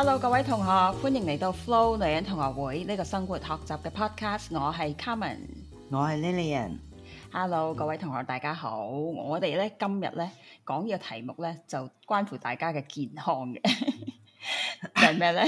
Hello 各位同學，歡迎嚟到 Flo 女人同學會呢個生活學習嘅 podcast，我係 Carmen，我係 Lilian。Hello 各位同學，大家好，我哋咧今日咧講呢個題目咧就關乎大家嘅健康嘅。 係咩咧？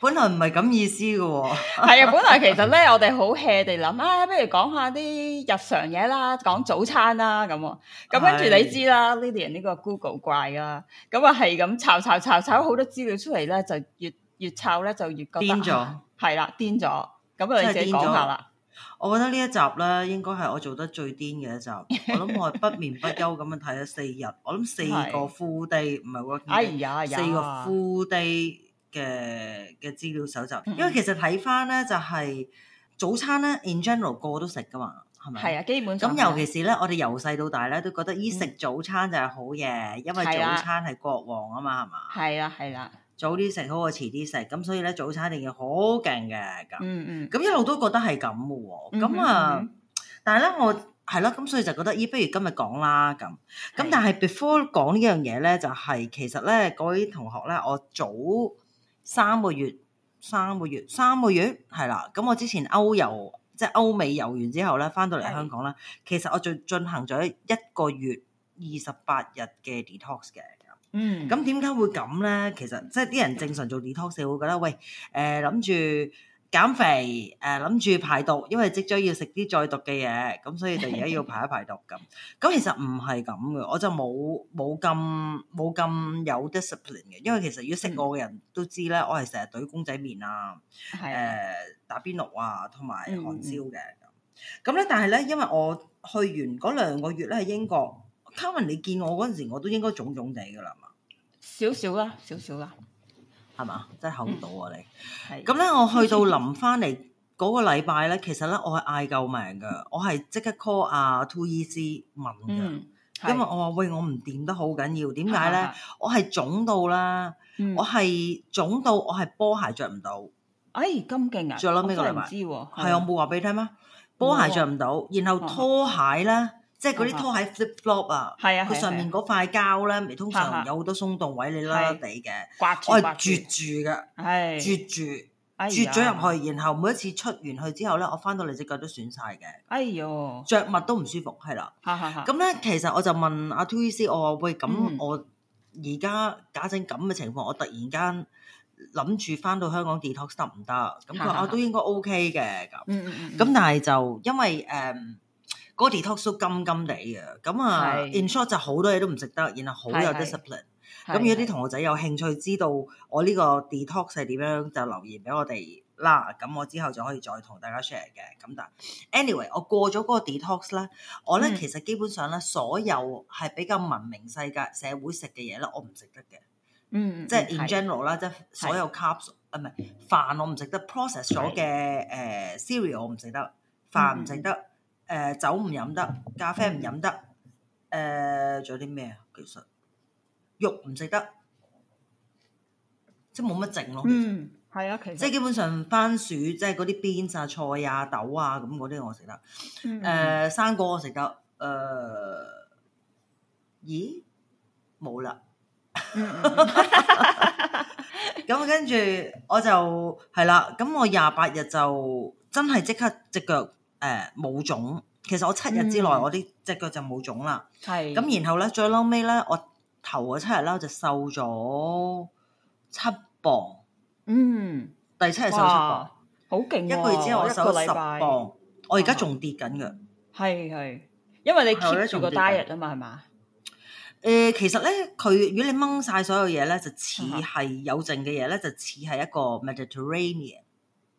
本來唔係咁意思嘅喎。係啊，本來其實咧，我哋好 hea 地諗，唉，不如講下啲日常嘢啦，講早餐啦，咁啊，咁跟住你知啦，Lilian 呢個 Google 怪啦，咁啊係咁抄抄抄抄好多資料出嚟咧，就越越抄咧就越個癲咗，係啦，癲咗，咁啊你自己講下啦。我覺得呢一集咧，應該係我做得最癲嘅一集。 我諗我係不眠不休咁樣睇咗四,四日。我諗四個 f 地唔係 w o r k 四個 f 地嘅嘅資料搜集。嗯、因為其實睇翻咧，就係、是、早餐咧，in general 個個都食噶嘛，係咪？係啊，基本咁。尤其是咧，我哋由細到大咧都覺得咦，食早餐就係好嘢，嗯、因為早餐係國王啊嘛，係嘛？係啊，係啦、啊。早啲食好過遲啲食，咁所以咧早餐一定要好勁嘅，咁。咁、嗯嗯、一路都覺得係咁嘅喎。咁啊，但係咧我係咯，咁所以就覺得咦，不如今日講啦咁。咁的但係 before 講呢樣嘢咧，就係、是、其實咧，嗰位同學咧，我早三個月、三個月、三個月係啦。咁我之前歐遊，即、就、係、是、歐美遊完之後咧，返到嚟香港啦，的其實我進進行咗一個月二十八日嘅 detox 嘅。嗯，咁點解會咁咧？其實即係啲人正常做 detox 會覺得喂，誒諗住減肥，誒諗住排毒，因為即將要食啲再毒嘅嘢，咁所以就而家要排一排毒咁。咁 其實唔係咁嘅，我就冇冇咁冇咁有 discipline 嘅，因為其實如果識我嘅人都知咧，嗯、我係成日懟公仔麵啊，誒的、呃、打邊爐啊，同埋韓燒嘅。咁咧、嗯，嗯、但係咧，因為我去完嗰兩個月咧喺英國。Carmen 你見我嗰陣時，我都應該腫腫地噶啦，少少啦，少少啦，係嘛？真係厚到啊、嗯、你！咁咧是，我去到臨翻嚟嗰個禮拜咧，其實咧，我係嗌救命噶，我係即刻 call 阿 Two 醫師問噶，嗯、因為我話喂、哎，我唔掂得好緊要，點解咧？是是是我係腫到啦，我係腫到，嗯、我係波鞋着唔到。哎，咁勁啊！着到咩個禮拜？唔知喎，係我冇話俾你聽咩？波鞋着唔到，然後拖鞋咧。嗯即係嗰啲拖鞋 flip flop 啊，佢上面嗰塊膠咧，咪通常有好多鬆動位，你拉拉地嘅，刮我係絕住嘅，絕住絕咗入去，然後每一次出完去之後咧，我翻到嚟隻腳都損晒嘅。哎呦，着襪都唔舒服，係啦。咁咧，其實我就問阿 TVB，我話喂，咁我而家假正咁嘅情況，我突然間諗住翻到香港 detox 得唔得？咁佢話我都應該 OK 嘅。咁咁，但係就因為誒。個 detox 都金金地嘅，咁啊是，in short 就好多嘢都唔食得，然後好有 discipline。咁是如果啲同學仔有興趣知道我呢個 detox 係點樣，就留言俾我哋啦。咁我之後就可以再同大家 share 嘅。咁但 anyway，我過咗嗰個 detox 啦，我咧其實基本上咧，所有係比較文明世界社會食嘅嘢咧，我唔食得嘅。嗯，即係是 in 是 general 啦，即係所有 carb, 是 啊，唔係飯我唔食得 process 是 s 咗嘅誒 cereal 我唔食得，飯唔食得。嗯誒酒唔飲得，咖啡唔飲得，誒仲有啲咩啊？其實肉唔食得，即係冇乜剩咯。嗯，係啊，其實即係基本上番薯，即係嗰啲 Beans 啊、菜啊、豆啊咁嗰啲我食得。誒生果我食得。誒咦冇啦。咁跟住我就係啦。咁我廿八日就真係即刻隻腳。誒，冇腫，其實我七日之內我啲隻腳就冇腫啦。係。咁然後咧，最嬲尾咧，我頭七日咧就瘦咗七磅。嗯，第七日瘦七磅，好勁！一個月之後我瘦咗十磅，我而家仲跌緊嘅。係係，因為你 keep 住個 diet 啊嘛，係嘛。誒，其實咧，佢如果你掹晒所有嘢咧，就似係有剩嘅嘢咧，就似係一個 Mediterranean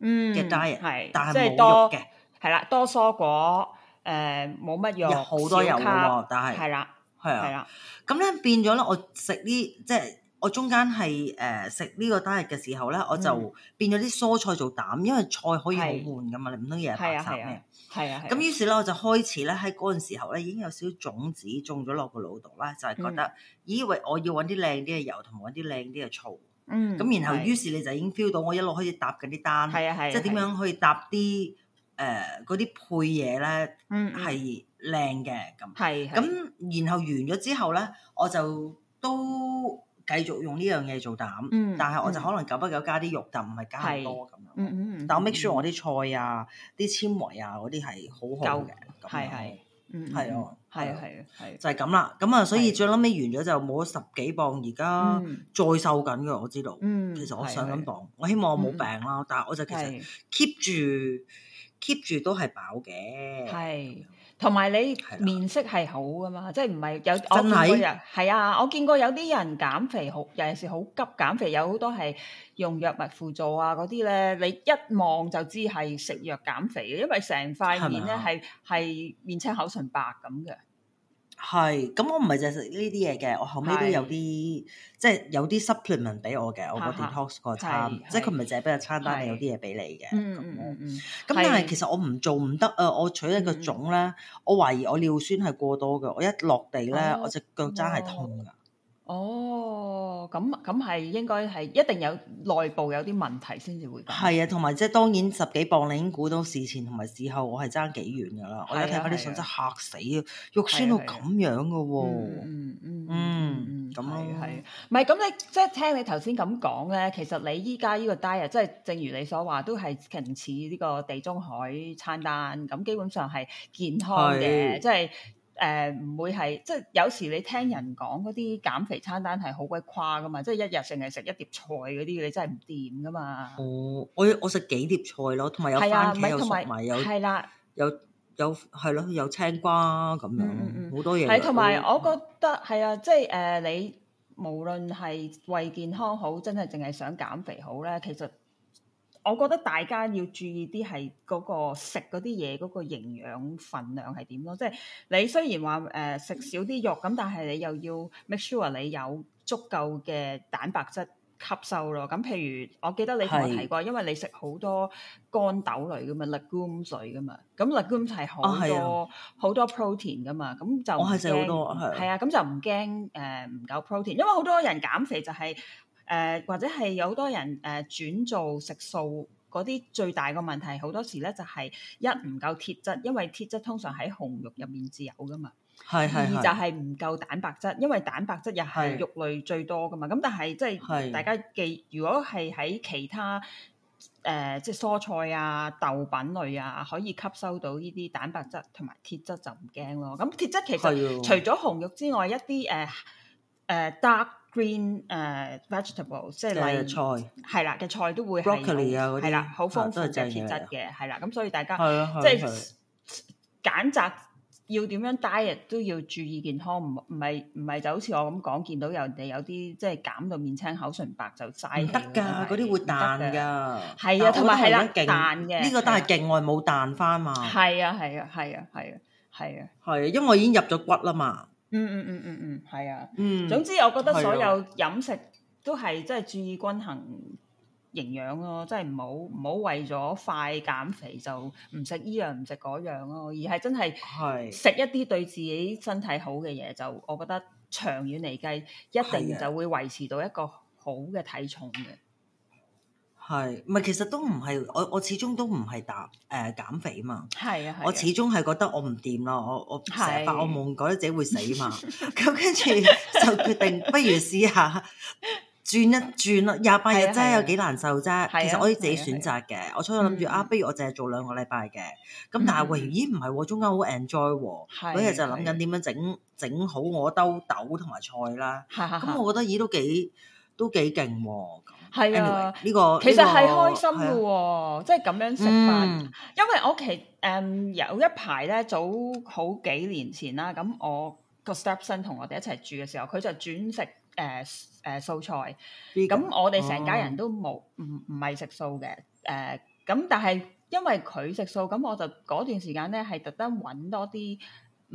嘅 diet，但係冇肉嘅。係啦，多蔬果，誒冇乜肉，有好多油喎，少卡喎。但係係啦，係啊，咁咧變咗咧，我食呢即係我中間係誒食呢個單日嘅時候咧，我就變咗啲蔬菜做膽，因為菜可以好換噶嘛，你唔通嘢係白灼咩？係啊，係啊，咁於是咧，我就開始咧喺嗰陣時候咧已經有少少種子種咗落個腦度啦，就係覺得，以為我要揾啲靚啲嘅油同埋啲靚啲嘅醋。嗯。咁然後於是你就已經 feel 到我一路開始搭緊啲單，係啊係，即係點樣可以搭啲。誒，嗰啲配嘢咧，係靚嘅咁。係咁，然後完咗之後咧，我就都繼續用呢樣嘢做膽。嗯，但係我就可能久不久加啲肉，但唔係加好多咁樣。但我 make sure 我啲菜啊，啲纖維啊嗰啲係好好嘅。係係，嗯，係哦，係係係，就係咁啦。咁啊，所以最屘尾完咗就冇咗十幾磅，而家再瘦緊嘅我知道。其實我上緊磅，我希望我冇病啦。但係我就其實 keep 住。keep 住都係飽嘅，係同埋你面色係好噶嘛，的即係唔係有我見過人啊，我見過有啲的人減肥好尤其是好急減肥，有好多係用藥物輔助啊嗰啲咧，你一望就知係食藥減肥嘅，因為成塊面咧係係面青口唇白咁嘅。係，咁我唔係淨係食呢啲嘢嘅，我後尾都有啲，是即係有啲 supplement 俾我嘅，我個 detox 個餐，即係佢唔係淨係俾個餐單，係是有啲嘢俾你嘅、嗯。嗯嗯嗯，咁、嗯、但係其實我唔做唔得啊！我取一個腫咧，嗯、我懷疑我尿酸係過多嘅，我一落地咧，嗯、我隻腳踭係痛㗎。嗯哦，咁咁係應該係一定有內部有啲問題先至會咁。係啊、就是，同埋即係當然十幾磅你已經估到事前同埋事後，我係爭幾遠噶啦！我一睇翻啲相，真係嚇死啊，肉酸到咁樣噶喎、嗯！嗯嗯嗯，咁係係咪咁你即係、就是、聽你頭先咁講咧？其實你依家呢個 diet 即係正如你所話，都係近似呢個地中海餐單，咁基本上係健康嘅，即係的。誒唔、呃、會係，即係有時你聽人講嗰啲減肥餐單係好鬼誇㗎嘛，即係一日淨係食一碟菜嗰啲，你真係唔掂㗎嘛。哦，我我食幾碟菜咯，同埋有，有番茄、啊，同埋有係啦有、啊，有有係咯、啊，有青瓜咁樣，好、嗯、多嘢。係同埋我覺得係啊，即係誒你無論係為健康好，真係淨係想減肥好咧，其實。我覺得大家要注意啲係嗰個食嗰啲嘢嗰個營養分量係點咯，即係你雖然話誒、呃、食少啲肉，咁但係你又要 make sure 你有足夠嘅蛋白質吸收咯。咁譬如我記得你同我提過，是因為你食好多乾豆類噶嘛 legumes 水類噶嘛，咁 legumes 係好多好、啊啊、多 protein 噶嘛，咁就我多，係啊，咁、啊、就唔驚誒唔夠 protein，因為好多人減肥就係、是。誒、呃、或者係有好多人誒轉、呃、做食素嗰啲，最大個問題好多時咧就係、是、一唔夠鐵質，因為鐵質通常喺紅肉入面自有噶嘛。係係是。二就係唔夠蛋白質，因為蛋白質又係肉類最多噶嘛。咁是是 但係即係大家記，如果係喺其他誒、呃、即係蔬菜啊豆品類啊可以吸收到呢啲蛋白質同埋鐵質就唔驚咯。咁鐵質其實是的 除咗紅肉之外，一啲誒誒 Green 誒 vegetable 即係例菜係啦嘅菜都會係係啦，好豐富嘅鐵質嘅係啦，咁所以大家即係揀擇要點樣 diet 都要注意健康，唔唔係唔係就好似我咁講，見到有人哋有啲即係減到面青口唇白就晒得㗎，嗰啲會彈㗎。係啊，同埋係啦，彈嘅呢個都係勁，我係冇彈翻嘛。係啊，係啊，係啊，係啊，係啊。係啊，因為我已經入咗骨啦嘛。嗯嗯嗯嗯嗯，係、嗯、啊。嗯，嗯，啊，總之我覺得所有飲食都係即係注意均衡營養咯，即係唔好唔好為咗快減肥就唔食呢樣唔食嗰樣咯，啊，而係真係食一啲對自己身體好嘅嘢，就我覺得長遠嚟計一定就會維持到一個好嘅體重嘅，啊。係，唔係其實都唔係，我我始終都唔係打誒減肥嘛。係啊，我始終係覺得我唔掂啦，我我成日發噩夢覺得自己會死嘛。咁跟住就決定，不如試下轉一轉咯，廿八日真係有幾難受啫。其實我可以自己選擇嘅，我初初諗住啊，不如我淨係做兩個禮拜嘅。咁但係，咦唔係，中間好 enjoy，嗰日就諗緊點樣整整好我兜豆同埋菜啦。咁我覺得咦都幾都幾勁喎。係啊，呢 Anyway,、呢個其實係開心嘅喎，即係咁樣食飯。嗯、因為我其誒、um, 有一排咧，早好幾年前啦，咁我個 stepson 同我哋一齊住嘅時候，佢就轉食誒誒、呃呃、素菜。咁、這個、我哋成家人都冇唔唔係食素嘅誒。咁、呃、但係因為佢食素，咁我就嗰段時間咧係特登揾多啲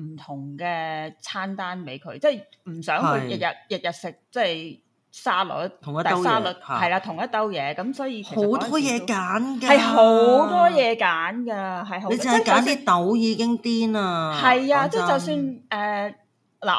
唔同嘅餐單俾佢、就是是，即係唔想佢日日日日食，即係。沙律，但係沙律係啦，同一兜嘢，咁所以好多嘢揀嘅，係好多嘢揀噶，係好你真係揀啲豆已經癲啦，係啊的，即係就算誒嗱、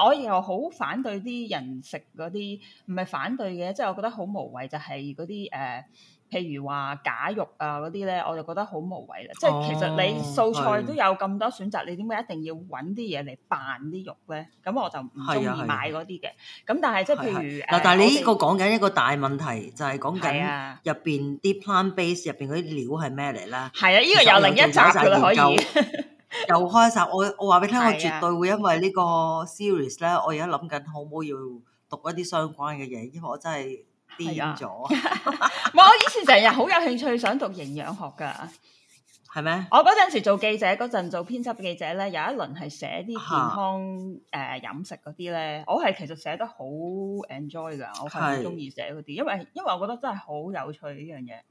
呃，我又好反對啲人食嗰啲，唔係反對嘅，即、就、係、是、我覺得好無謂，就係嗰啲誒。譬如話假肉啊嗰啲咧，我就覺得好無謂啦。即係其實你素菜都有咁多選擇，哦、你點解一定要揾啲嘢嚟扮啲肉咧？咁我就唔中意買嗰啲嘅。咁但係即係譬如嗱，但係你呢個講緊一個大問題，的就係講緊入邊啲 plant base 入邊嗰啲料係咩嚟啦？係啊，呢、這個又另一集佢可以 又開集。我我話俾你聽，我絕對會因為呢個 series 咧，的我而家諗緊好唔好要讀一啲相關嘅嘢，因為我真係。係瘋 我以前成日好有興趣想讀營養學㗎。係咩？我嗰陣時做記者嗰陣做編輯記者咧，有一輪係寫啲健康誒、呃、飲食嗰啲咧，我係其實寫得好 enjoy 㗎，我係好中意寫嗰啲，是因為因為我覺得真係好有趣呢樣嘢。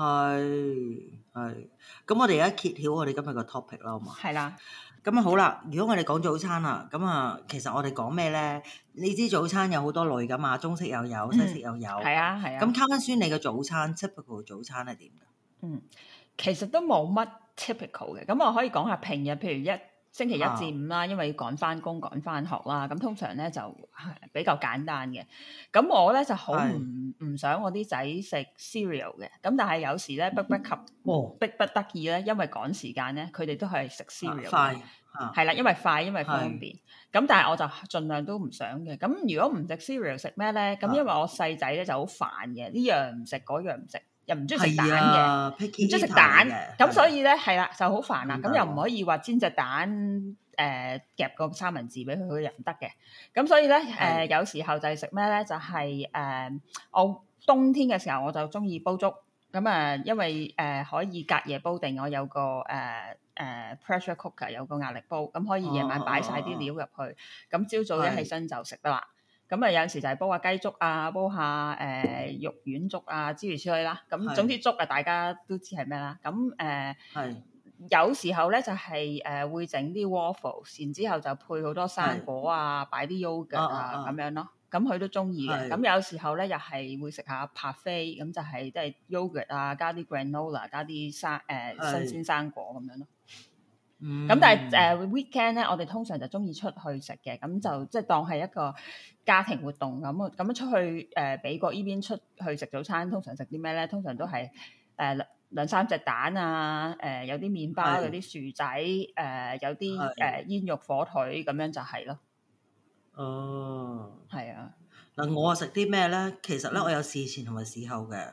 係係，咁我哋而家揭曉我哋今日個 topic 啦，好嘛？係啦的，咁啊好啦，如果我哋講早餐啊，咁啊其實我哋講咩咧？你知早餐有好多類噶嘛，中式又有，有，西式又有，有，係啊係啊。咁卡 a r 你嘅早餐 typical 早餐係點噶？嗯，其實都冇乜 typical 嘅，咁我可以講下平日，譬如一。星期一至五啦，因為要趕返工、趕返學啦，咁通常咧就比較簡單嘅。咁我咧就好唔唔想我啲仔食 cereal 嘅。咁但係有時咧迫不，不及，哦、迫不得已咧，因為趕時間咧，佢哋都係食 cereal。快、啊，係、啊、啦，因為快，因為方便。咁是但係我就盡量都唔想嘅。咁如果唔食 cereal 食咩咧？咁因為我細仔咧就好煩嘅，呢樣唔食，嗰樣唔食。又唔中意食蛋嘅，唔中意食蛋，咁所以咧，係啦，就好煩啦！咁又唔可以話煎隻蛋，誒夾個三文治俾佢，佢又唔得嘅，咁所以咧，誒有時候就係食咩咧，就係誒我冬天嘅時候我就中意煲粥，咁啊因為誒可以隔夜煲定，我有個誒誒 pressure cooker 有個壓力煲，咁可以夜晚擺晒啲料入去，咁朝早一起身就食得啦。咁啊、嗯，有陣時就係煲下雞粥啊，煲下誒、呃、肉丸粥啊之類之類啦。咁、嗯、是總之粥啊，大家都知係咩啦。咁、嗯、誒，有時候咧、e, 嗯、就係誒會整啲 waffle，然之後就配好多生果啊，擺啲 yogurt 啊咁樣咯。咁佢都中意嘅。咁有時候咧又係會食下 parfait，咁就係即係 yogurt 啊，加啲 granola，加啲生誒新鮮生果咁樣咯。咁、嗯嗯、但係誒、uh, weekend 咧，我哋通常就鍾意出去食嘅，咁就即係、就是、當係一個家庭活動咁啊。咁樣出去誒美國依邊出去食早餐，通常食啲咩咧？通常都係誒兩兩三隻蛋啊，誒、呃、有啲麵包是有啲薯仔，誒、呃、有啲誒是、uh, 煙肉火腿咁樣就係咯。哦，係啊。嗱、嗯、我啊食啲咩咧？其實咧我有事前同埋事後嘅。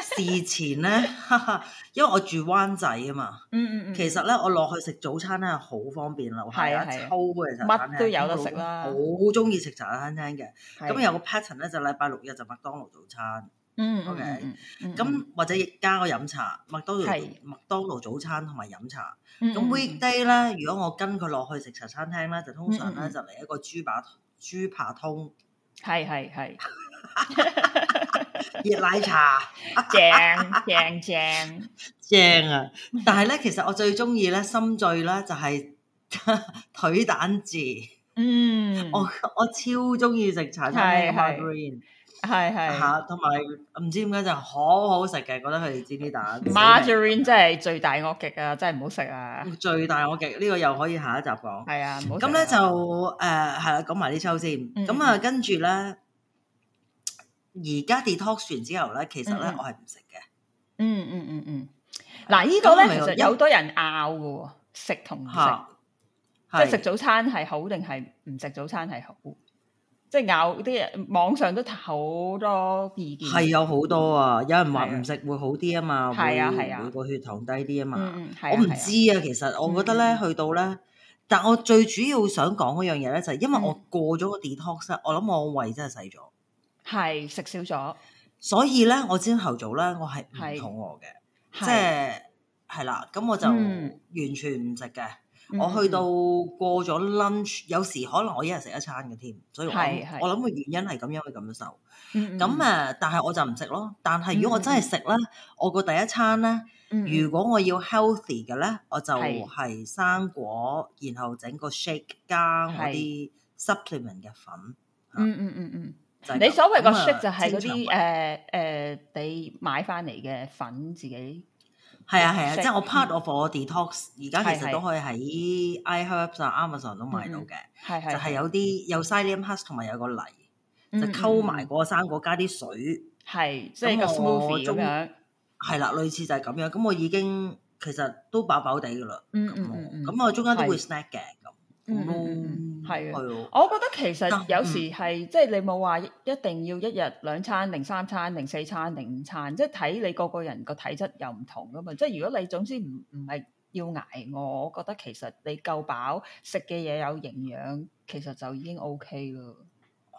事前咧，因為我住灣仔啊嘛，其實咧我落去食早餐咧好方便咯，係啊，抽杯茶餐廳都有得食啦，好中意食茶餐廳嘅。咁有個 pattern 咧，就禮拜六日就麥當勞早餐。嗯，OK，咁或者加個飲茶，麥當勞麥當勞早餐同埋飲茶。咁 weekday 咧，如果我跟佢落去食茶餐廳咧，就通常咧就嚟一個豬扒豬扒通。係係係。熱奶茶 正，正正正 正啊！但係咧，其實我最中意咧，心醉咧就係、是、 腿蛋治字。嗯，我我超中意食茶餐廳係係吓，同埋唔知點解就好好食嘅，覺得佢哋煎啲蛋。margarine 真係最大惡極啊！真係唔好食啊！最大惡極呢個又可以下一集講。係啊，咁咧、啊、就誒係啦，講埋啲抽先。咁啊、嗯，跟住咧。嗯嗯嗯而家 detox 完之後咧，其實咧我係唔食嘅。嗯嗯嗯嗯，嗱呢個咧其實有好多人拗嘅，食同唔食，即係食早餐係好定係唔食早餐係好？即係拗啲嘢，網上都好多意見，係有好多啊！有人話唔食會好啲啊嘛，會個血糖低啲啊嘛。我唔知啊，其實我覺得咧去到咧，但我最主要想講嗰樣嘢咧就係因為我過咗個 detox，我諗我胃真係細咗。係食少咗，所以咧，我朝頭早咧，我係唔肚餓嘅，即係係啦。咁我就完全唔食嘅。我去到過咗 lunch，有時可能我一日食一餐嘅添。所以我我諗嘅原因係咁樣嘅感受。瘦。咁啊，但係我就唔食咯。但係如果我真係食咧，我個第一餐咧，如果我要 healthy 嘅咧，我就係生果，然後整個 shake 加嗰啲 supplement 嘅粉。嗯嗯嗯嗯。你所謂個 shake 就係嗰啲誒誒，你買翻嚟嘅粉自己。係啊係啊，即係我 part of 我 detox。而家其實都可以喺 iHerb 上、Amazon 都買到嘅，就係有啲有 psyllium husk 同埋有個泥，就溝埋嗰個生果加啲水，係即係個 smoothie 咁樣。係啦，類似就係咁樣。咁我已經其實都飽飽地噶啦。嗯嗯嗯，咁我中間都會 snack 嘅。嗯，嗯，嗯，係啊，的我覺得其實有時係、嗯、即係你冇話一定要一日兩餐，定三餐，定四餐，定五餐，即係睇你個個人個體質又唔同噶嘛。即係如果你總之唔唔係要挨餓，我覺得其實你夠飽食嘅嘢有營養，其實就已經 O K 咯。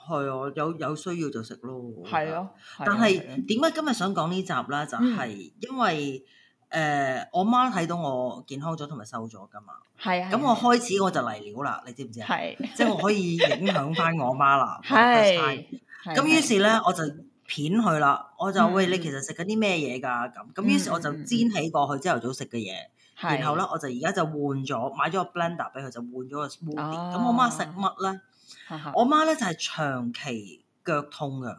係啊，有有需要就食咯。係啊，但係點解今日想講呢集啦？就係、是、因為。嗯誒、呃，我媽睇到我健康咗同埋瘦咗噶嘛？係啊。咁我開始我就嚟料啦，你知唔知啊？係。即係我可以影響翻我媽啦。係。咁於是咧，我就片佢啦。我就喂你其實食緊啲咩嘢㗎？咁咁於是我就煎起過去朝頭早食嘅嘢，嗯嗯嗯然後咧我就而家就換咗買咗個 blender 俾佢，就換咗個 smoothie 咁我媽食乜咧？哈哈我媽咧就係、是、長期腳痛㗎。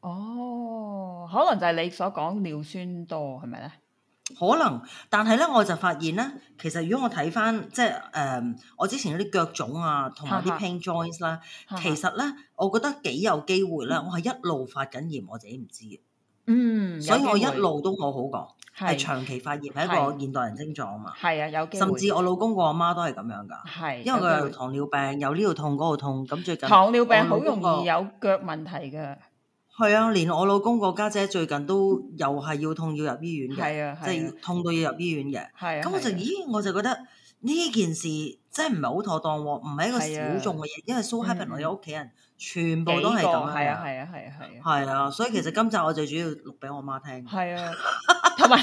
哦，可能就係你所講尿酸多係咪咧？是可能，但係咧我就發現咧，其實如果我睇翻即係誒、呃，我之前嗰啲腳腫啊，同埋啲 pain joints 啦、啊，哈哈其實咧我覺得幾有機會咧，嗯、我係一路發緊炎，我自己唔知嗯，所以我一路都冇好過，係是長期發炎，係一個現代人症狀啊嘛。係啊，有甚至我老公個阿媽都係咁樣㗎，是因為佢有糖尿病有呢度痛嗰度痛，咁最近糖尿病好容易有腳問題嘅。係啊，連我老公個家姐最近都又係要痛要入醫院嘅，係啊，即係痛到要入醫院嘅。咁我就咦，我就覺得呢件事真係唔係好妥當，唔係一個小眾嘅嘢，因為 so happen 我啲屋企人全部都係咁，係啊，係啊，係啊，係啊，所以其實今集我最主要錄俾我媽聽。係啊，同埋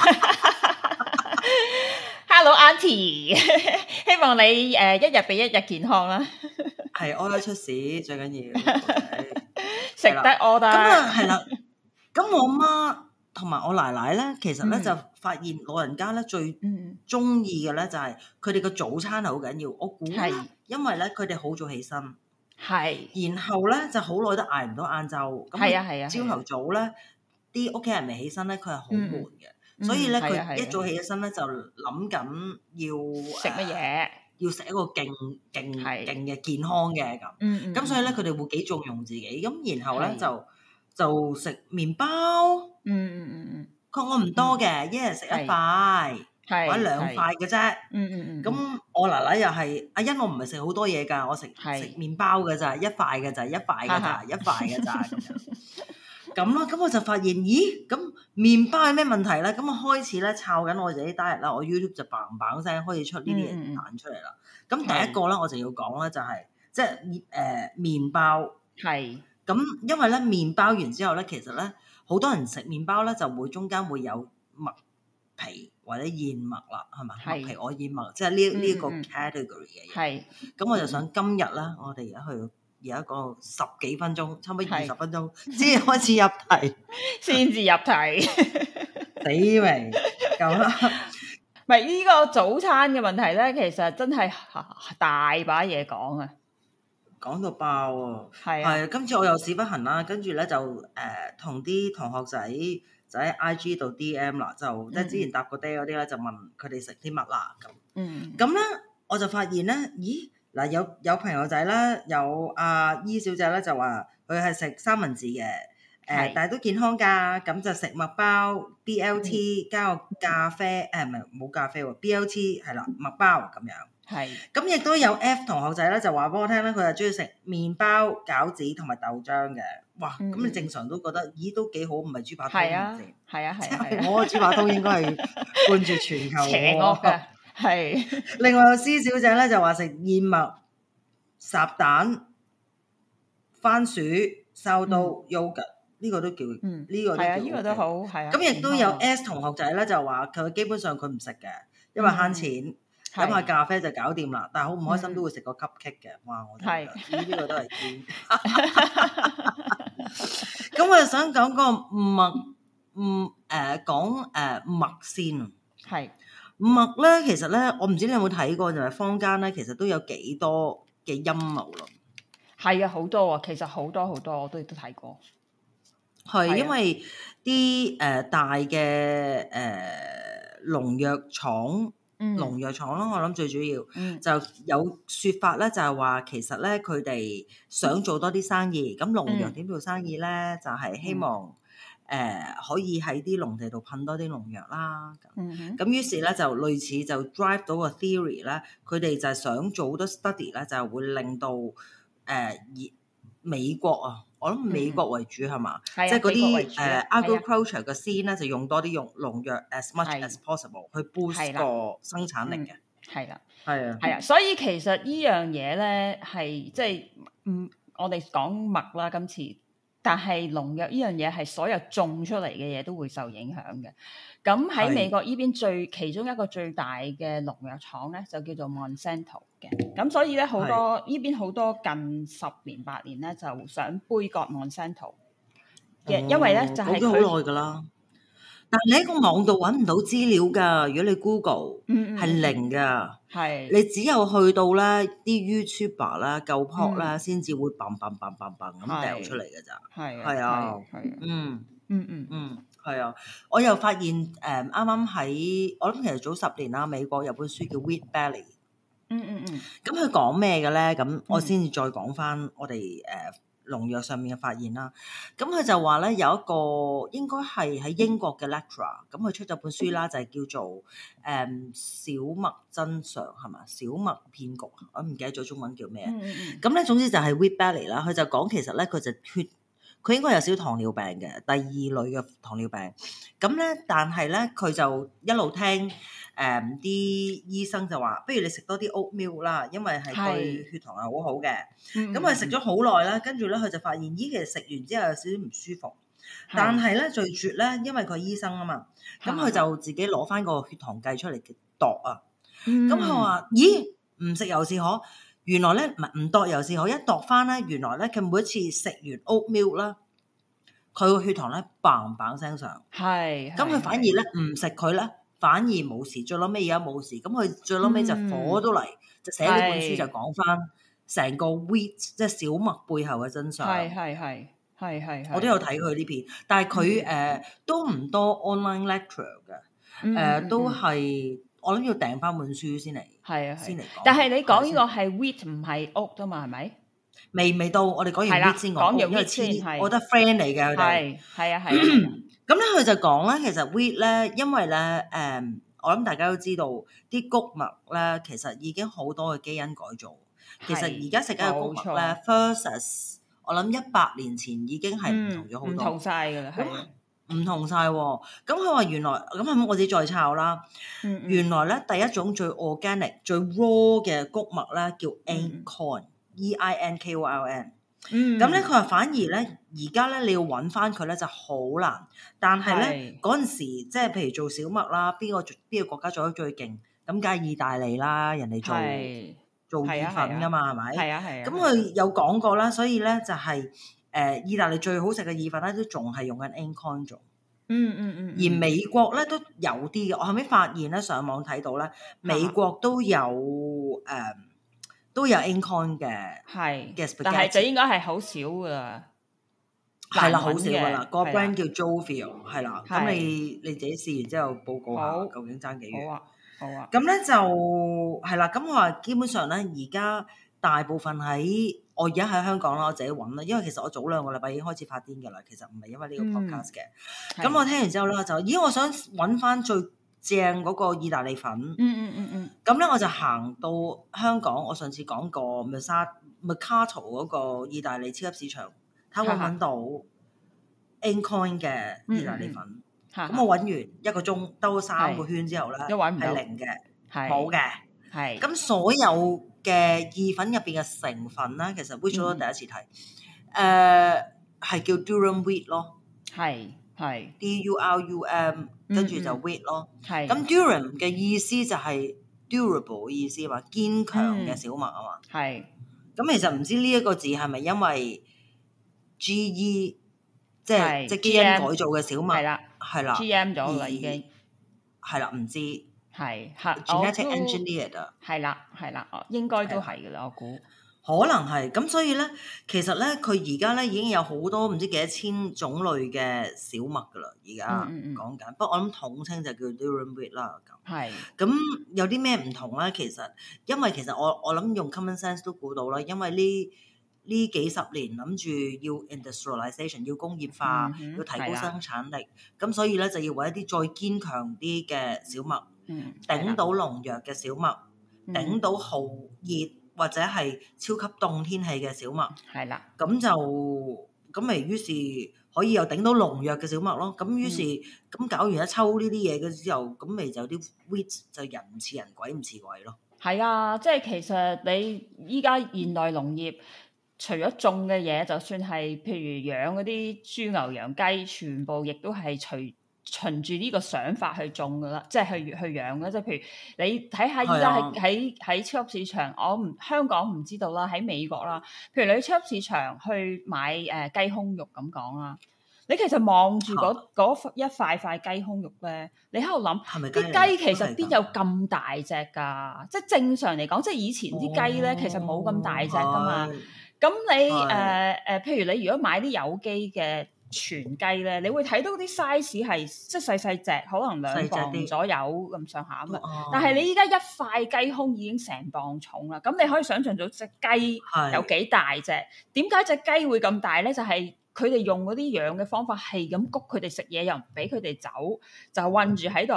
，Hello Auntie，希望你誒一日比一日健康啦。係 avoid 出事最緊要。 食得我哋咁啊，係啦。咁我媽同埋我奶奶咧，其實咧、嗯、就發現老人家咧最中意嘅咧就係佢哋個早餐係好緊要。我估，是因為咧佢哋好早起身，係是然後咧就好耐都挨唔到晏晝。咁係啊，係啊，啊朝頭早咧啲屋企人未起身咧，佢係好悶嘅。嗯、所以咧佢一早起咗身咧就諗緊要食乜嘢。要食一個勁勁勁嘅健康嘅咁，咁、嗯嗯、所以咧佢哋會幾縱容自己，咁然後咧是就就食麵包，嗯嗯嗯嗯，佢、嗯、我唔多嘅，一日食一塊，是或者兩塊嘅啫，嗯嗯嗯，咁、嗯、我奶奶又係，阿、啊、欣我唔係食好多嘢㗎，我食食麵包嘅咋，一塊嘅咋，一塊嘅咋，一塊嘅咋。 咁啦，咁我就發現，咦？咁麵包係咩問題咧？咁我開始咧，炒緊我自己單日啦，我 YouTube 就 bang bang 聲開始出呢啲嘢彈出嚟啦。咁、嗯、第一個咧，是我就要講咧，就係、是、即係誒、呃、麵包。係是。咁因為咧麵包完之後咧，其實咧好多人食麵包咧，就會中間會有麥皮或者燕麥啦，係咪？麥是皮或燕麥，即係呢呢個 category 嘅嘢是。係是。咁我就想今日咧，我哋而家去。有一個十幾分鐘，差唔多二十分鐘先是開始入題，先至 入題， 死明咁。唔係呢個早餐嘅問題咧，其實真係大把嘢講啊，講到爆啊！係啊、哎，今次我又屎不行啦，跟住咧就誒同啲同學仔就喺 IG 度 DM 啦，就，就、嗯、即係之前搭個爹嗰啲咧，就問佢哋食啲乜啦咁。嗯，咁咧我就發現咧，咦？嗱有有朋友仔啦，有阿依小姐咧就話佢係食三文治嘅，誒但係都健康㗎，咁就食麥包 B L T 加個咖啡，誒唔係冇咖啡喎，B L T 係啦，麥包咁樣，係咁亦都有 F 同學仔咧就話畀我聽咧，佢係中意食麵包餃子同埋豆漿嘅，哇咁你正常都覺得，咦都幾好，唔係豬扒。係啊係啊。我豬扒都應該係冠絕全球。嘅。係，另外有施小姐咧就話、是、食燕麥、烚蛋、番、哎、薯、瘦到肉腳，呢個都叫，呢、嗯、中文個都叫、okay。呢個都好，係啊。咁亦都有 S 同學仔咧就話佢基本上佢唔食嘅，因為慳錢，飲下咖啡就搞掂啦。但係好唔開心都會食個吸激嘅，哇！我哋，係，呢個都係。咁我就想講個麥，嗯誒講誒麥先係。麥咧，其實咧，我唔知你有冇睇過，就係坊間咧，其實都有幾多嘅陰謀咯。係啊，好多啊、哦，其實好多好多，我都都睇過。係是的因為啲誒、呃、大嘅誒農藥廠，農藥廠啦，嗯、我諗最主要、嗯、就有説法咧，就係、是、話其實咧，佢哋想做多啲生意。咁農藥點做生意咧？嗯、就係希望。誒可以喺啲農地度噴多啲農藥啦，咁咁於是咧就類似就 drive 到個 theory 咧 the,、uh, mm，佢哋就係想做得 study 咧，就係會令到誒美美國啊，我諗美國為主係嘛？即係嗰啲誒 agriculture 嘅 scene 咧就用多啲用農藥 as much as possible 去 Yeah. boost 個生產力嘅，係啦，係啊，係啊，所以其實呢樣嘢咧係即係嗯，我哋講麥啦今次。但係農藥呢樣嘢係所有種出嚟嘅嘢都會受影響嘅。咁喺美國呢邊最是其中一個最大嘅農藥廠咧就叫做 Monsanto 嘅。咁所以咧好多呢邊好多近十年八年咧就想杯葛 Monsanto 嘅，因為咧就係、是、佢。嗯但你喺個網度揾唔到資料噶，如果你 Google，係零噶，係你只有去到咧啲 YouTuber 啦、舊 blog 啦，先至會嘣嘣嘣嘣嘣咁掉出嚟噶咋。係，係啊，嗯，嗯嗯嗯，係啊。我又發現，誒，啱啱喺我諗，其實早十年啦，美國有本書叫《Wheat Belly》。嗯嗯嗯。咁佢講咩嘅咧？咁我先至再講翻我哋誒。農藥上面嘅發現啦，咁佢就話咧有一個應該係喺英國嘅 lecturer，咁佢出咗本書啦，就係、是、叫做誒小麥真相係嘛？小麥騙局，我唔記得咗中文叫咩。咁咧、嗯、總之就係 Wheat Belly 啦，佢就講其實咧佢就血，佢應該有少少糖尿病嘅第二類嘅糖尿病，咁咧但係咧佢就一路聽。誒啲醫生就話，不如你食多啲 oatmeal 啦，因為係對血糖係好好嘅。咁佢食咗好耐啦，跟住咧佢就發現，咦其實食完之後有少少唔舒服。但係咧最絕咧，因為佢醫生啊嘛，咁佢就自己攞翻個血糖計出嚟嘅度啊。咁佢話：咦，唔食猶自可，原來咧唔度猶自可。一度翻咧，原來咧佢每一次食完 oatmeal 啦，佢個血糖咧砰砰聲上。係。咁佢反而咧唔食佢咧。反而冇事，最撚尾而家冇事，咁佢最撚尾就火都嚟，就寫呢本書就講翻成個 wheat 即係小麥背後嘅真相。係係係係係，我都有睇佢呢片，但係佢誒都唔多 online lecture 嘅，誒都係我諗要訂翻本書先嚟，係啊，先嚟。但係你講呢個係 wheat 唔係屋啫嘛，係咪？未未到，我哋講完 wheat 先講，因為我覺得 friend 嚟嘅，係係啊係。咁咧佢就講咧，其實 wheat 咧，因為咧，誒、嗯，我諗大家都知道啲穀物咧，其實已經好多嘅基因改造。是其實而家食緊嘅穀物咧 f i r s t 錯 s versus, 我諗一百年前已經係唔同咗好多。唔、嗯、同曬㗎啦，係嘛？唔、嗯、同曬、哦。咁佢話原來，咁我自己再抄啦。嗯嗯、原來咧，第一種最 organic、最 raw 嘅穀物咧，叫 einkorn、嗯 e i n k o r n。咁咧，佢話、嗯嗯、反而咧，而家咧你要揾翻佢咧就好難。但係咧，嗰陣是時即係譬如做小麥啦，邊個做邊個國家做得最勁？咁梗係意大利啦，人哋做是做意粉㗎嘛，係咪？係啊係啊。咁佢有講過啦，所以咧就係、是、誒、呃、意大利最好食嘅意粉咧，都仲係用緊 einkorn 做。嗯嗯嗯。嗯嗯而美國咧都有啲嘅，我後尾發現咧，上網睇到咧，美國都有誒。嗯嗯嗯都有 coin 嘅，但係就應該係好少噶啦，係啦，好少噶啦。個 brand 叫 JoVio，係啦。咁你你自己試完之後報告下，究竟爭幾多？好啊，好啊。咁咧就係啦。咁我話基本上咧，而家大部分喺我而家喺香港啦，我自己揾啦。因為其實我早兩個禮拜已經開始發癲嘅啦。其實唔係因為呢個 podcast 嘅。咁我聽完之後咧，就咦我想揾翻最正嗰個意大利粉，嗯嗯嗯嗯，咁咧我就行到香港，我上次講過咪沙咪卡陶嗰個意大利超級市場，睇下可揾到 ancoin 嘅意大利粉，咁我揾完一個鐘兜咗三個圈之後咧，係零嘅，冇嘅，係，咁所有嘅意粉入邊嘅成分咧，其實 Weissolo 第一次睇，誒係叫 Durum Wheat 咯，係。係，d u r u m，跟住就 with 咯。係，咁 durum 嘅意思就係 durable 意思啊嘛，堅強嘅小麥啊嘛。係，咁其實唔知呢一個字係咪因為 g e，即係即係基因改造嘅小麥？係啦，係啦，g m 咗啦已經，係啦，唔知。係，吓，我 engineer。係啦，係啦，應該都係噶啦，我估。可能係咁，所以咧，其實咧，佢而家咧已經有好多唔知幾多千種類嘅小麥㗎啦，而家講緊。不過、嗯嗯、我諗統稱就叫 durum wheat 啦。咁係咁有啲咩唔同咧？其實因為其實我我諗用 common sense 都估到啦，因為呢呢幾十年諗住要 industrialization 要工業化，嗯嗯、要提高生產力，咁的所以咧就要搵一啲再堅強啲嘅小麥，頂、嗯、到農藥嘅小麥，頂到酷熱、嗯。或者係超級凍天氣嘅小麥，係啦的，咁就咁咪於是可以又頂到農藥嘅小麥咯，咁於是咁、嗯、搞完一抽呢啲嘢嘅時候，咁咪就啲 wheat 就人唔似人，鬼唔似鬼咯。係啊，即係其實你依家現代農業、嗯、除咗種嘅嘢，就算係譬如養嗰啲豬牛羊雞，全部亦都係隨。循住呢個想法去種噶啦，即係去去養咧。即係譬如你睇下而家喺喺喺超級市場，我唔香港唔知道啦。喺美國啦，譬如你去超級市場去買誒雞、呃、胸肉咁講啦，你其實望住嗰一塊塊雞胸肉咧，你喺度諗係咪啲雞其實邊有咁大隻噶？即係正常嚟講，即係以前啲雞咧，其實冇咁大隻噶嘛。咁、哦、你誒誒、呃，譬如你如果買啲有機嘅。全雞咧，你會睇到啲 size 係即細細隻，可能兩磅左右咁上下嘅。但係你依家一塊雞胸已經成磅重啦，咁你可以想像到隻雞有幾大隻？點解隻雞會咁大咧？就係、是佢哋用嗰啲養嘅方法，係咁谷佢哋食嘢，又唔俾佢哋走，就韫住喺度。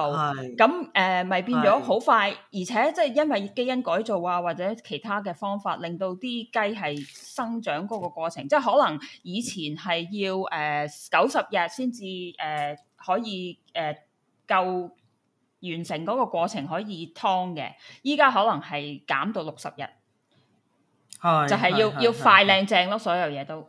咁誒咪變咗好快。是而且即係因為基因改造啊，或者其他嘅方法，令到啲雞係生長嗰個過程，即係可能以前係要誒九十日先至誒可以誒夠、呃、完成嗰個過程可以劏嘅，依家可能係減到六十日。係是就係要要快靚正咯，所有嘢都。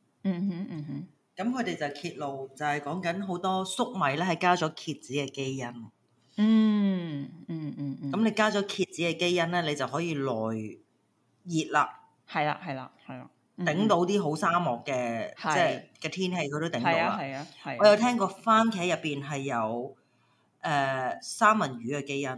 嗯哼嗯哼，咁佢哋就揭露，就係講緊好多粟米咧，係加咗蠍子嘅基因。嗯嗯嗯嗯，咁、嗯嗯、你加咗蠍子嘅基因咧，你就可以耐熱啦。係啦係啦係啦，頂、嗯、到啲好沙漠嘅的即係嘅天氣，佢都頂到。係啊，係啊，我有聽過番茄入邊係有誒、呃、三文魚嘅基因。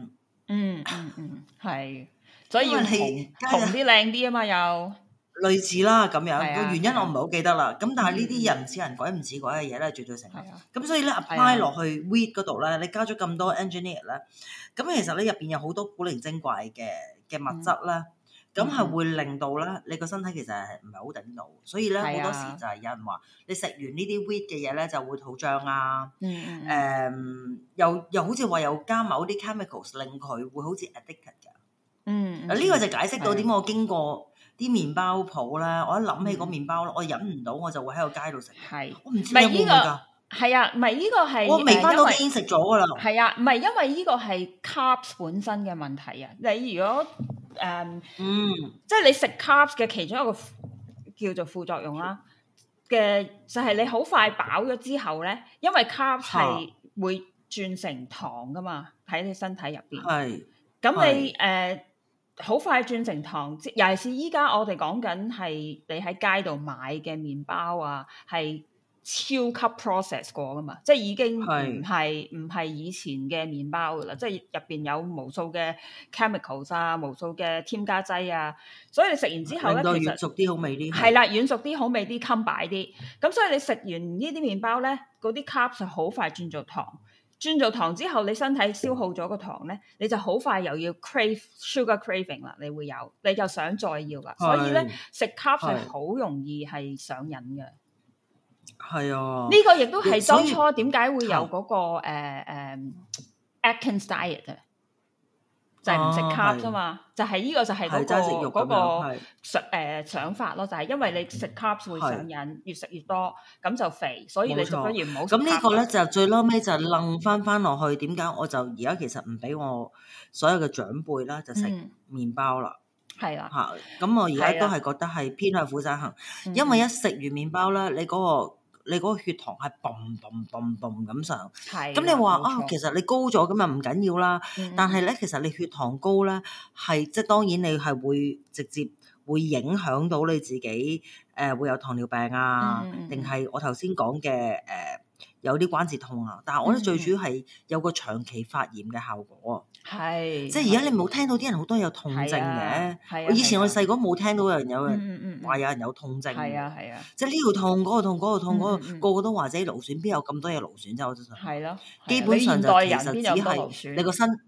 嗯嗯嗯，係、嗯嗯嗯，所以要紅紅啲靚啲啊嘛又。類似啦，咁樣個原因我唔係好記得啦。咁但係呢啲人唔似人鬼唔似鬼嘅嘢咧，絕對成立。咁所以咧 apply 落去 weed 嗰度咧，你加咗咁多 engineer 咧，咁其實咧入邊有好多古靈精怪嘅嘅物質啦，咁係會令到咧你個身體其實係唔係好頂到。所以咧好多時就係有人話你食完呢啲 weed 嘅嘢咧就會肚脹啊，誒又又好似話又加某啲 chemicals 令佢會好似 addicted 嘅。嗯，啊呢個就解釋到點解我經過。啲麵包鋪啦，我一諗起個麵包，我忍唔到，我就會喺是、個街度食。係道，我唔知有冇噶？係啊，唔係呢個係我未翻都已經食咗噶啦。係啊，唔係因為呢個係 carbs 本身嘅問題啊。你如果誒，呃、嗯，即係你食 carbs 嘅其中一個叫做副作用啦，嘅、嗯、就係你好快飽咗之後咧，因為 carbs 係會轉成糖噶嘛，喺你身體入邊。係是，咁你誒。是好快轉成糖，即尤其是依家我哋講緊係你喺街度買嘅麵包啊，係超級 process 過噶嘛，即係已經唔係唔係以前嘅麵包噶啦，即係入邊有無數嘅 chemical 啊、無數嘅添加劑啊，所以你食完之後咧，到其實軟熟啲、好味啲，係啦，軟熟啲、好味啲、襟擺啲，咁所以你食完呢啲麵包咧，嗰啲 carb 就好快轉做糖。轉咗糖之後，你身體消耗咗個糖咧，你就好快又要 crave sugar craving 啦，你會有，你就想再要啦，是的 所以咧食 carbs 係好容易係上癮嘅。係啊，呢、啊、個亦都係當初點解會有嗰個誒 Atkins diet 就係唔食 carb 啫嘛，的就係呢個就係食肉。嗰的、那個想誒的的、呃、想法咯，就係、是、因為你食 carb 會上癮，的越食越多，咁就肥，所以你就不如唔好。咁呢個咧就最嬲尾就楞翻翻落去，點解我就而家其實唔俾我所有嘅長輩啦就食麪包啦，係啦嚇，咁的我而家都係覺得係偏向釜山行，嗯、因為一食完麪包啦，你嗰、那個。你嗰個血糖係 boom boom boom boom 咁上，咁的你話錯啊，其實你高咗咁啊唔緊要啦。嗯、但係咧其實你血糖高咧係即係當然你係會直接會影響到你自己，誒、呃、會有糖尿病啊，定係、嗯、我頭先講嘅誒。呃有啲關節痛啊，但係我覺得最主要係有個長期發炎嘅效果，係、mm hmm. 即係而家你冇聽到啲人好多有痛症嘅，啊啊、我以前我細個冇聽到有人有人話、mm hmm. 有人有痛症，係啊係啊，啊即係呢度痛嗰度、嗰個、痛嗰度、嗰個、痛嗰、嗰個 mm hmm. 個個都話自己勞損，邊有咁多嘢勞損啫？我就想，係咯、啊，啊、基本上就其實只係你個身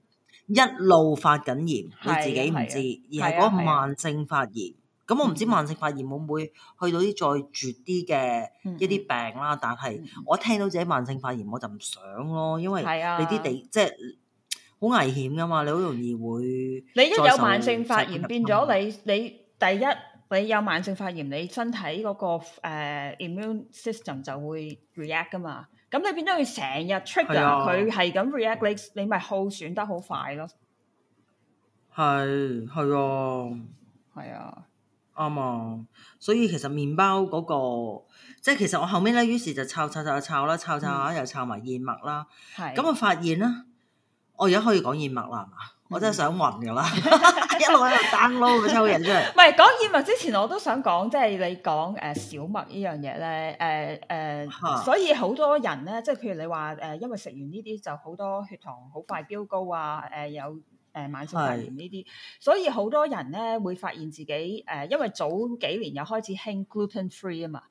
一路發緊炎，啊啊啊啊、你自己唔知，而係嗰個慢性發炎。咁我唔知慢性發炎會唔會去到啲再絕啲嘅一啲病啦，嗯嗯、但係我聽到自己慢性發炎我就唔想咯，因為你啲地、啊、即係好危險噶嘛，你好容易會。你一有慢性發炎，變咗你你第一你有慢性發炎，你身體嗰、嗰個、uh, immune system 就會 react 噶嘛，咁你變咗佢成日 trigger 佢係咁 react 你，你咪耗損得好快咯。係係啊，係啊。啱啊、嗯！所以其實麪包嗰、那個，即係其實我後面咧，於是就摷摷摷摷啦，摷摷下又摷埋燕麥啦。係、嗯。咁我發現啦，我而家可以講燕麥啦，係嘛？我真係想暈㗎啦，一路一路 download 抽人真係。唔係講燕麥之前，我都想講，即、就、係、是、你講誒、呃、小麥呢樣嘢咧，誒、呃、誒、呃，所以好多人咧，即係譬如你話誒、呃，因為食完呢啲就好多血糖好快飆高啊，誒、呃、有。呃呃誒慢性發炎呢啲，是所以好多人咧會發現自己誒、呃，因為早幾年又開始興 gluten free 啊嘛，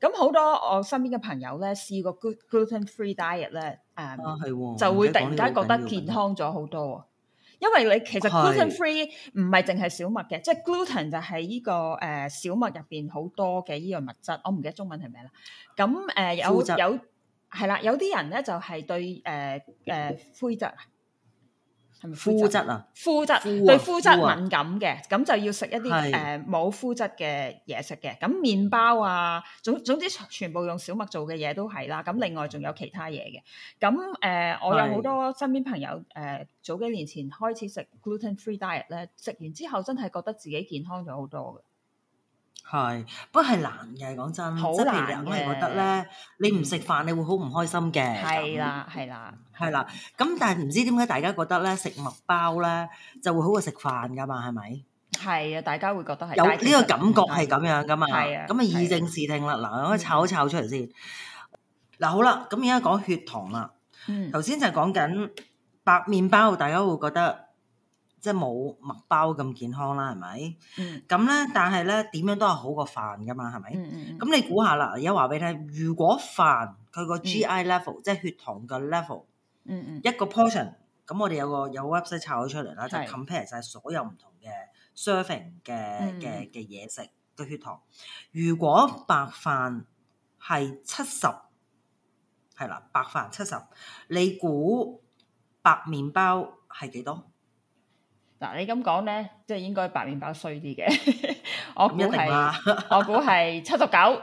咁好多我身邊嘅朋友咧試過 gl gluten free diet 咧、呃、誒，啊、就會突然間覺得，啊、覺得健康咗好多、啊。因為你其實的 gluten free 唔係淨係小麥嘅，即係 gluten 就係、是、呢、呢個誒、呃、小麥入邊好多嘅依樣物質，我唔記得中文係咩啦。咁誒有有係啦，有啲人咧就係對誒誒麩質。麩質，質啊，麩質對麩質敏感嘅，咁就要一的、呃、食一啲誒冇麩質嘅嘢食嘅，咁麵包啊，總總之全部用小麥做嘅嘢都係啦，咁另外仲有其他嘢嘅，咁誒、呃、我有好多身邊朋友誒、呃、早幾年前開始食 gluten free diet 咧，食完之後真係覺得自己健康咗好多嘅。係，不過係難嘅，講真，即係譬如我係覺得咧，你唔食飯，你會好唔開心嘅。係啦，係啦，係啦。咁但係唔知點解大家覺得咧食麥包咧就會好過食飯㗎嘛？係咪？係啊，大家會覺得係有呢個感覺係咁樣㗎嘛？係啊。咁啊，以正視聽啦，嗱，我哋炒一炒出嚟先。嗱，好啦，咁而家講血糖啦。嗯。頭先就係講緊白麵包，大家會覺得。即係冇麥包咁健康啦，係咪、嗯嗯？嗯。咁咧，但係咧點樣都係好過飯噶嘛，係咪？嗯，咁你估下啦，而家話俾你聽，如果飯佢個 GI level，、嗯、即係血糖嘅 level，嗯嗯。嗯，一個 portion，咁我哋有個有 website 抄咗出嚟啦，嗯、就 compare 晒所有唔同嘅 serving 嘅嘅嘅嘢食嘅血糖。如果白飯係七十，係啦，白飯七十，你估白麵包係幾多？嗱、啊，你咁講咧，即係應該白麵包衰啲嘅， 我估係是一定 我估係七十九，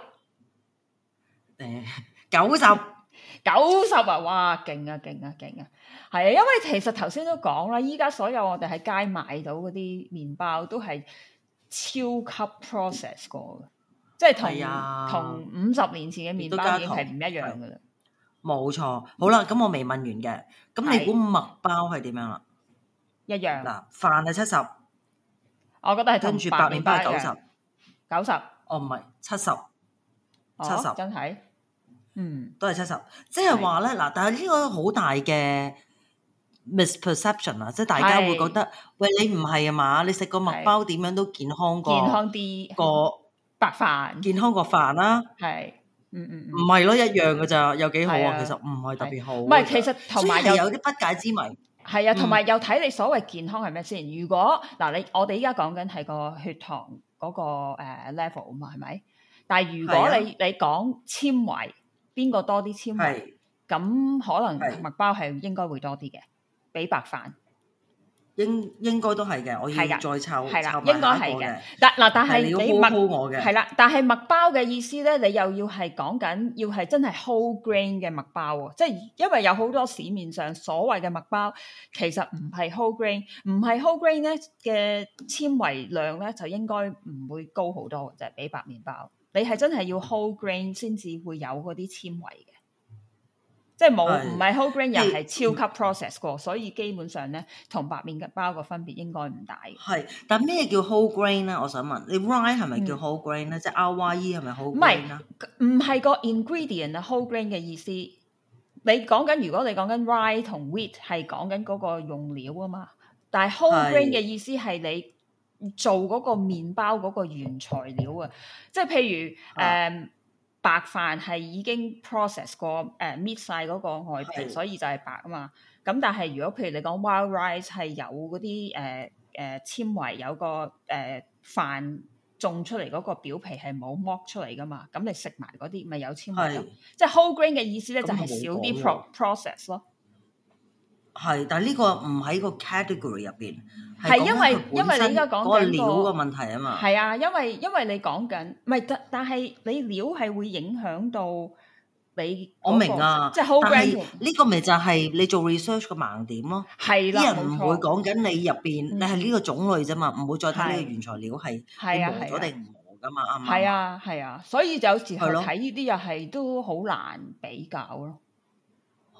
誒九十九十啊！哇，勁啊勁啊勁啊！係啊，因為其實頭先都講啦，依家所有我哋喺街買到嗰啲麵包都係超級 process 過嘅，即係同同五十年前嘅麵包已經係唔一樣嘅啦。冇錯，好啦，咁我未問完嘅，咁你估麥包係點樣啊？一樣嗱，飯係七十，我覺得係跟住白麵包係九十，九十哦唔係七十，七十真係，嗯都係七十，即係話咧嗱，但係呢個好大嘅 misperception 啊，即係大家會覺得是喂你唔係啊嘛，你食個麥包點樣都健康過健康啲個白飯，健康個飯啦、啊，係嗯嗯唔係咯一樣噶咋，有幾好啊，啊其實唔係特別好，唔係其實同埋有啲不解之謎。係啊，同埋又睇你所謂健康係咩先？如果嗱，你我哋依家講緊係個血糖、嗰個誒、呃、level 啊嘛，係咪？但係如果你的你講纖維，邊個多啲纖維？咁的可能麥包係應該會多啲嘅，比白飯。應應該都係嘅，我要再抽抽啦，應該係嘅。嗱嗱，但係你要我嘅，係啦，但係麥包嘅意思咧，你又要係講緊，要係真係 whole grain 嘅麥包喎。即係因為有好多市面上所謂嘅麥包，其實唔係 whole grain，唔係 whole grain 咧嘅纖維量咧，就應該唔會高好多嘅啫。就係比白麵包，你係真係要 whole grain 先至會有嗰啲纖維嘅。即係冇，唔係 whole grain 又係超級 process 過，的所以基本上咧，同白麵嘅包個分別應該唔大。係，但咩叫 whole grain 咧？我想問，你 rye 係咪叫 whole grain 咧？即係 rye 係咪好？唔係，唔係個 ingredient 啊，whole grain 嘅意思。你講緊，如果你講緊 rye 同 wheat 係講緊嗰個用料啊嘛，但係 whole grain 嘅意思係你做嗰個麵包嗰個原材料的啊，即係譬如誒。白飯係已經 process 過，誒搣晒嗰個外皮，的所以就係白啊嘛。咁但係如果譬如你講 wild rice 係有嗰啲誒誒纖維，呃呃、有個誒飯、呃、種出嚟嗰個表皮係冇剝出嚟噶嘛，咁你食埋嗰啲咪有纖維？的即係 whole grain 嘅意思咧，就係少啲 pro process 咯、嗯。係，但係呢個唔喺個 category 入邊，係因為因為你而家講緊料個問題啊嘛。係啊，因為因為你講緊，唔係但但係你料係會影響到你、嗰個。我明啊，即係好 brand 呢個咪就係你做 research 嘅盲點咯。係啦的，啲人唔會講緊你入邊，嗯、你係呢個種類啫嘛，唔會再睇呢個原材料係磨咗定唔磨㗎嘛，係咪？係啊，係啊嗎，所以就有時睇呢啲又係都好難比較咯。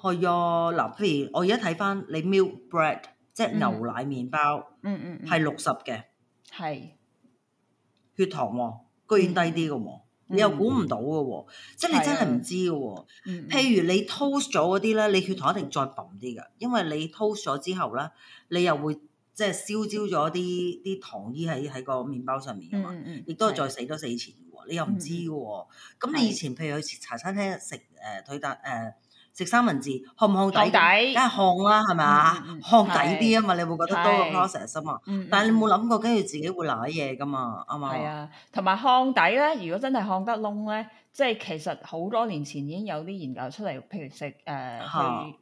係啊，嗱、嗯嗯嗯嗯，譬如我而家睇翻你 milk bread，即係牛奶麵包，係六十嘅，係血糖喎、哦，居然低啲嘅喎，你又估唔到嘅喎，即係你真係唔知嘅喎、哦。譬如你 toast 咗嗰啲咧，你血糖一定再冧啲嘅，因為你 toast 咗之後咧，你又會即係燒焦咗啲啲糖衣喺喺個麵包上面啊嘛，亦都係再死多死前嘅喎，嗯嗯你又唔知嘅喎、哦。咁你以前譬如去茶餐廳食誒腿達誒。食三文治，烘唔烘底？梗係烘啦，係咪啊？烘、嗯、底啲啊嘛，是你會覺得多個 process 啊嘛是。但係你冇諗過跟住自己會賴嘢㗎嘛，啱唔啱？係吧啊，同埋烘底咧，如果真係烘得燶咧，即、就、係、是、其實好多年前已經有啲研究出嚟，譬如食誒、呃、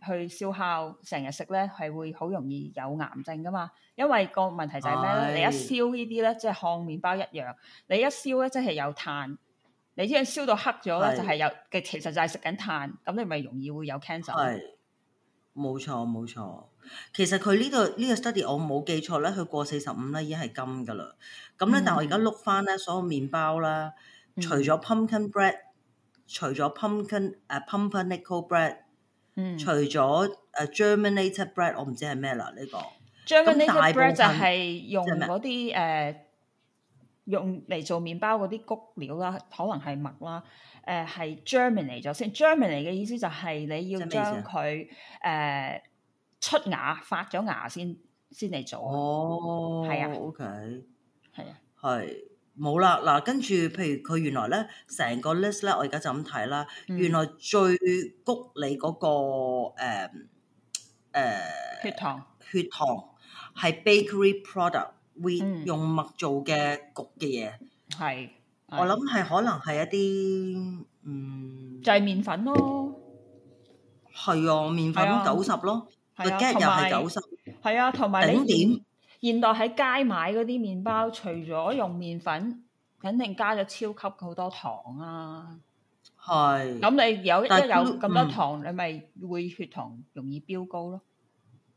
去去燒烤，成日食咧係會好容易有癌症㗎嘛。因為個問題就係咩咧？啊、你一燒呢啲咧，即係烘麵包一樣，你一燒咧，即、就、係、是、有炭。你啲嘢燒到黑咗咧，是就係有嘅，其實就係食緊碳，咁你咪容易會有 cancer。係，冇錯冇錯。其實佢、這個這個、呢個呢個 study 我冇記錯咧，佢過四十五咧已經係金㗎啦。咁咧，但我而家碌翻咧所有麵包啦，嗯、除咗 pumpkin bread，除咗、uh, pumpkin 誒 pumpernickel bread，、嗯、除咗誒 germinated bread，我唔知係咩啦呢個。germinated bread 就係用嗰啲誒。用嚟做麵包嗰啲谷料啦，可能係麥啦，誒、呃、係 Germany 咗先，Germany 嘅意思就係你要將佢誒、呃、出芽發咗芽先先嚟做。哦，係啊，OK，係啊，係冇啦，嗱跟住譬如佢原來咧成個 list 咧，我而家就咁睇啦，原來最谷你嗰、嗰個誒、呃呃、血糖血糖係 bakery product。會用麥做嘅焗嘅嘢，係，我諗係可能係一啲，嗯，就係麵粉咯，係啊，麵粉九十咯，而家又係九十，係啊，同埋你點現代喺街買嗰啲麵包，除咗用麵粉，肯定加咗超級好多糖啊，係，咁你有一有咁多糖，你咪會血糖容易飆高咯，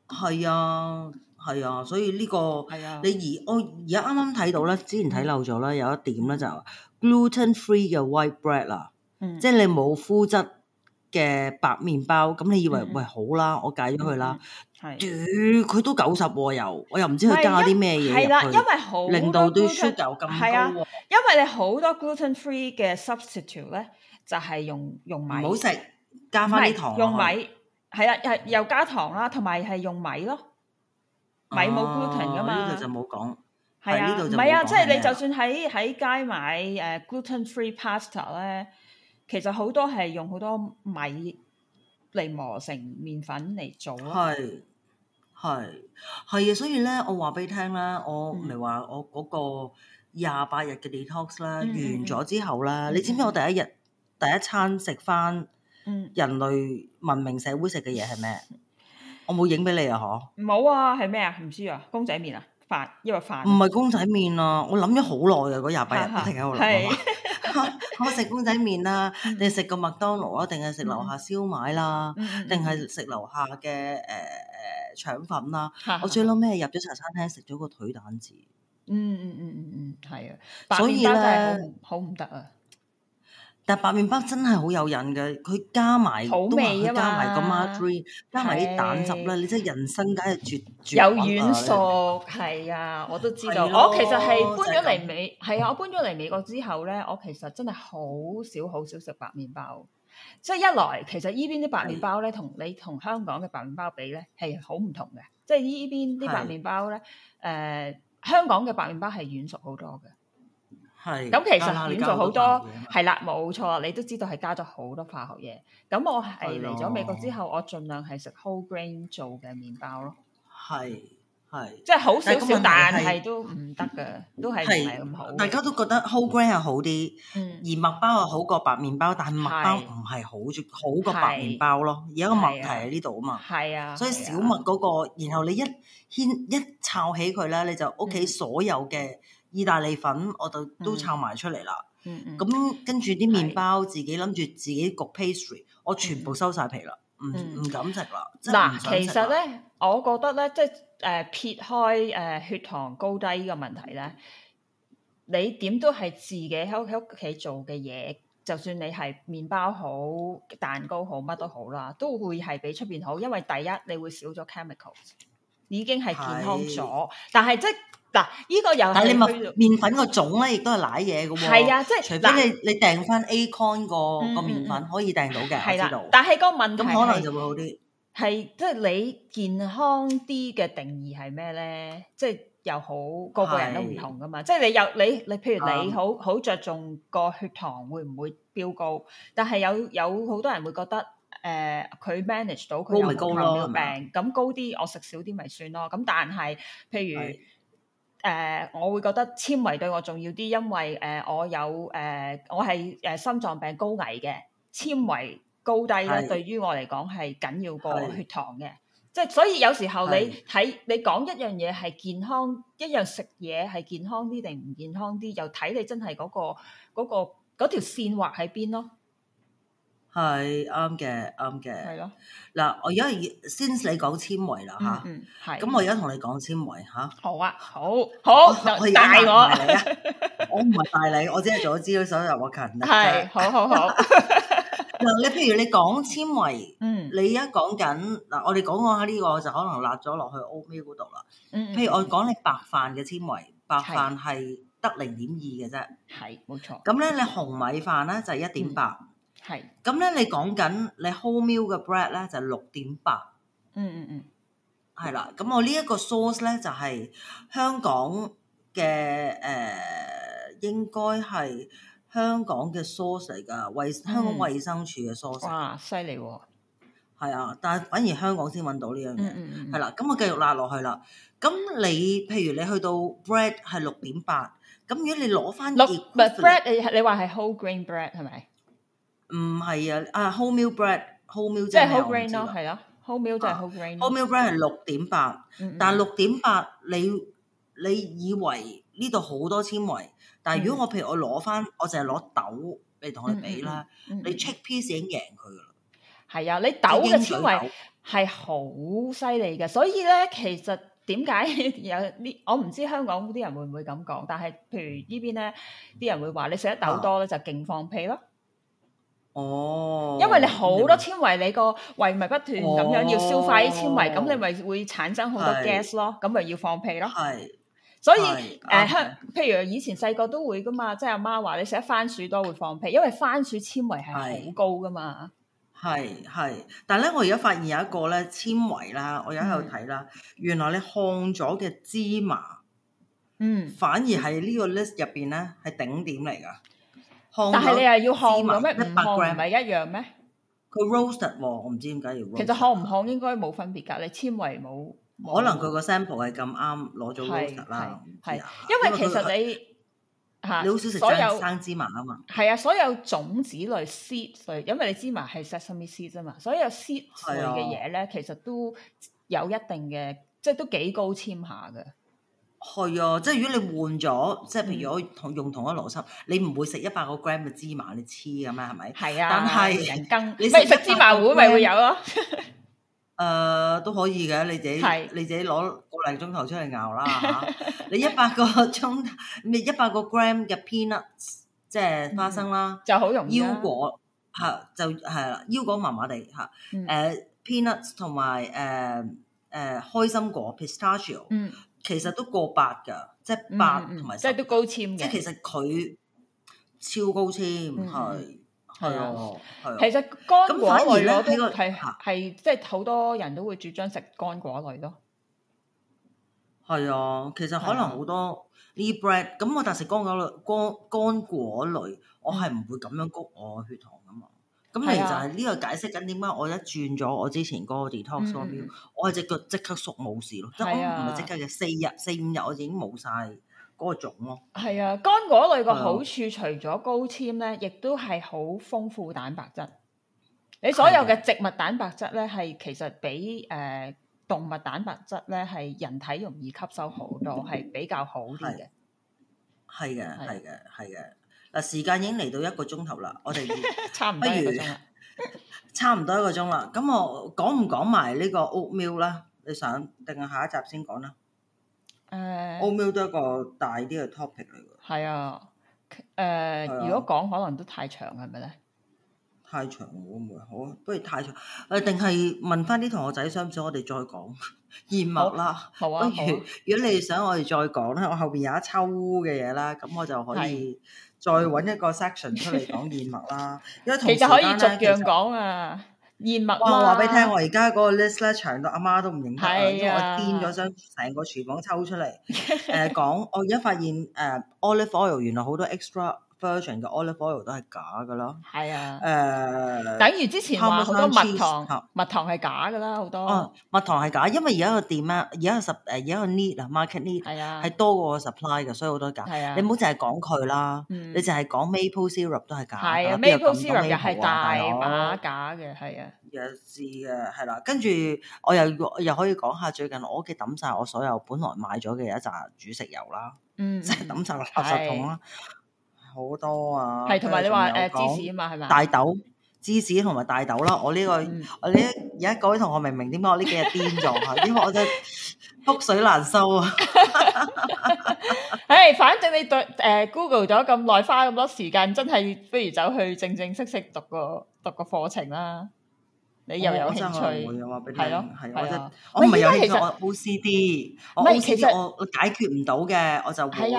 係啊。係啊，所以呢、這個、啊、你而我而家啱啱睇到咧，之前睇漏咗啦，有一點咧就係 gluten free 嘅 white bread 啦，嗯、即係你冇麩質嘅白麵包。咁你以為喂好啦，我戒咗佢啦，主佢、嗯啊、都九十喎，又，我又唔知佢加啲咩嘢。係啦、啊，因為好令到啲 sugar 咁高、啊啊。因為你好多 gluten free 嘅 substitute 咧，就係、是、用用米。唔好食，加翻啲糖。用米係啊，係又加糖啦，同埋係用米咯。米冇 gluten 噶嘛？呢度就冇講。係啊，唔、呢度、係啊，即係你就算喺喺街買誒、uh, gluten free pasta 咧，其實好多係用好多米嚟磨成麵粉嚟做咯。係，係，係啊，所以咧，我話俾你聽啦，我咪話、嗯、我嗰個廿八日嘅 detox 啦，嗯、完咗之後咧，嗯、你知唔知我第一日、嗯、第一餐食翻人類文明社會食嘅嘢係咩？嗯我冇影俾你啊，嗬！冇啊，係咩啊？唔知啊，公仔麵啊，飯，因為飯唔係公仔麵啊！我諗咗好耐啊，嗰廿八日，哈哈不停我停喺度諗，我食公仔麵啦，定係食個麥當勞啊？定係食樓下燒賣啦，定係食樓下嘅誒誒腸粉啦、啊。哈哈我最嬲咩？入咗茶餐廳食咗個腿蛋治、嗯。嗯嗯嗯嗯嗯，係、嗯嗯、啊，所以咧，好唔得啊！但白麵包真係好有癮嘅，佢加埋好味吖嘛，佢加埋個 Marie，加埋啲蛋汁咧，你真係人生梗係絕絕、啊、有軟熟，係你啊，我都知道。咯我其實係搬咗嚟美，係啊，我搬咗嚟美國之後咧，我其實真係好少好少食白麵包。即係一來，其實依邊啲白麵包咧，同是你同香港嘅白麵包比咧，係好唔同嘅。即係依邊啲白麵包咧，誒、呃，香港嘅白麵包係軟熟好多嘅。係咁，其實點做好多係啦，冇錯，你都知道係加咗好多化學嘢。咁我係嚟咗美國之後，我盡量係食 whole grain 做嘅麵包咯。係係，即係好少少，但係都唔得㗎，都係唔係咁好。大家都覺得 whole grain 係好啲，而麥包係好過白麵包，但係麥包唔係好著好過白麵包咯。而家個問題喺呢度啊嘛，係啊，所以小麥嗰個，然後你一牽一摷起佢啦，你就屋企所有嘅。意大利粉我就都炒埋出嚟啦，咁跟住啲麵包自己諗住自己焗 pastry，我全部收晒皮啦，唔唔、嗯、敢食啦。嗱、嗯，其實咧，我覺得咧，即係誒、呃、撇開誒血糖高低個問題咧，你點都係自己喺屋企做嘅嘢，就算你係麵包好、蛋糕好、乜都好啦，都會係比出面好，因為第一你會少咗 chemicals，已經係健康咗，是但係即係。嗱，依個又係，但你問麪粉個種咧，亦都係瀨嘢嘅喎。係啊，即係除非你你訂翻 Acon 個個麪粉可以訂到嘅，我知道。但係個問題係，咁可能就會好啲。係，即係你健康啲嘅定義係咩咧？即係又好，個個人都唔同噶嘛。即係你有你你譬如你好好着重個血糖會唔會飆高？但係有有好多人會覺得誒，佢 manage 到佢又冇糖尿病咁高啲，我食少啲咪算咯。咁但係譬如。誒、呃，我會覺得纖維對我重要啲，因為誒、呃、我有誒、呃、我係誒、呃、心臟病高危嘅，纖維高低咧是對於我嚟講係緊要過血糖嘅，即係是、就是、所以有時候你睇是你講一樣嘢係健康，一樣食嘢係健康啲定唔健康啲，又睇你真係嗰、那個嗰、那個嗰、那個、條線劃喺邊咯。係啱嘅，啱嘅。係咯，嗱，我而家先你講纖維啦吓，咁我而家同你講纖維吓。好啊，好，好，大我，我唔係大你，我只係做咗資料輸入我近啊。係，好好好。嗱，你譬如你講纖維，嗯，你而家講緊嗱，我哋講講下呢個就可能落咗落去歐美嗰度啦。譬如我講你白飯嘅纖維，白飯係得零點二嘅啫。係，冇錯。咁咧，你紅米飯咧就一點八。係，咁咧你講緊你 whole meal 嘅 bread 咧就六點八，嗯嗯嗯，係啦。咁我呢一個 source 咧就係香港嘅誒，應該係香港嘅 source 嚟噶，衛香港衛生署嘅 source。哇，犀利喎！係啊，但係反而香港先揾到呢樣嘢，係啦。咁我繼續拉落去啦。咁你譬如你去到 bread 係六點八，咁如果你攞翻六，唔係 bread，你你話係 whole grain bread 係咪？唔係啊，啊 wholemeal bread，wholemeal 就係 whole grain 就係啊 wholemeal 就係 whole grain。wholemeal bread 係六點八，但係六點八你你以為呢度好多纖維？但係如果我譬如我攞翻，我淨係攞豆嚟同佢比啦。你 check piece 已經贏佢噶啦，係啊，你豆嘅纖維係好犀利嘅。所以咧，其實點解有呢？我唔知香港啲人會唔會咁講，但係譬如呢邊咧，啲人會話你食得豆多咧，就勁放屁咯。哦，因為你好多纖維，你個胃咪不斷咁樣要消化啲纖維，咁你咪會產生好多 gas 咯，咁咪要放屁咯。係，所以誒，香，譬如以前細個都會噶嘛，即係阿媽話你食番薯多會放屁，因為番薯纖維係好高噶嘛。係係，但係咧，我而家發現有一個咧纖維啦，我而家喺度睇啦，原來你烘咗嘅芝麻，嗯，反而係呢個 list 入邊咧係頂點嚟噶。但係你又要烘㗎咩？烘唔係一樣咩？佢 roasted 喎，我唔知點解要。其實烘唔烘應該冇分別㗎，你纖維冇。可能佢個 sample 係咁啱攞咗 roasted 啦。係，因為其實你嚇，是你好少食生生芝麻啊嘛。係啊，所有種子類 seed 類，因為你芝麻係 sesame seed 啫嘛，所有 seed 類嘅嘢咧，其實都有一定嘅，即係都幾高纖下㗎。係啊，即係如果你換咗，即係譬如我同用同一個邏輯，你唔會食一百個 gram 嘅芝麻，你黐咁啊，係咪是？係啊。但係人更，你食芝麻糊咪、嗯、會有咯、啊。誒、 呃，都可以嘅，你自己是你自己攞個零鐘頭出嚟熬啦嚇。 你一百個鐘頭，你、嗯、一百個 gram 嘅 peanuts，即係花生啦、嗯，就好容易、啊腰。腰果嚇就係啦，腰果麻麻地嚇。誒 peanuts 同埋誒誒開心果 pistachio。其實都過百噶，即係八同埋，和10，即係都高纖。即係其實佢超高纖，係係、嗯、是啊，係啊。啊啊其實乾果類呢都個係係，即係好多人都會主張食乾果類咯。係啊，啊，其實可能好多呢、啊、bread，咁我但食乾果類、乾乾果類，我係唔會咁樣谷我血糖噶嘛。咁其實係呢個解釋緊點解我一轉咗我之前嗰個 detox 嗰邊，4，我隻腳即刻縮冇事咯，即係唔係即刻嘅，四日四五日我已經冇晒嗰個腫咯。係啊，乾果類個好處除咗高纖咧，亦都係好豐富蛋白質。你所有嘅植物蛋白質咧，係是的 其實比誒、呃、動物蛋白質咧，係人體容易吸收好多，係比較好啲嘅。係嘅，係嘅，係嘅。嗱，時間已經嚟到一個鐘頭啦，我哋 差唔多一個鐘啦。咁 我講唔講埋呢個 oatmeal 啦？你想定係下一集先講啦，uh？o m 誒，oatmeal 都一個大啲嘅 topic 嚟㗎。係啊，誒，如果講可能都太長，係咪咧？太長會唔會好？不如太長誒？定係問翻啲同學仔，想唔想我哋再講？ 燕麥啦，不如、啊、如果你想我哋再講咧，我後邊有一抽嘅嘢啦，咁我就可以再搵一個 section 出嚟講燕麥啦。 因為同其實可以逐樣講啊，實燕麥。我話俾你聽，我而家嗰個 list 咧長到阿媽都唔認得我，啊、因為我癲咗，想成個廚房抽出嚟誒講。我而家發現誒、呃、olive oil 原來好多 extra。virgin 嘅 olive oil 都係假嘅啦，係啊，誒，等於之前話好多蜜糖，蜜糖係假嘅啦，好多。蜜糖係假，因為而家個 demand 啊，而家個 sup 誒而家個 need 啊，market need 係多過個 supply 嘅，所以好多假。係啊，你唔好淨係講佢啦，你淨係講 maple syrup 都係假，係啊，maple syrup 又係大把假嘅，係啊，弱智嘅，係啦。跟住我又又可以講下最近我屋企抌晒我所有本來買咗嘅一紮煮食油啦，即係抌晒垃圾桶啦。好多啊！係同埋你話誒芝士啊嘛，係咪？大豆芝士同埋大豆啦。我呢個我而家各位同學明唔明？點解我呢幾日癲咗？因為我真係覆水難收啊。唉，反正你對誒 Google 咗咁耐，花咁多時間，真係不如走去正正式式讀個讀個課程啦。你又有興趣？我係唔會嘅話俾咯，係我唔係有我 OCD 我係其實我解決唔到嘅，我就會。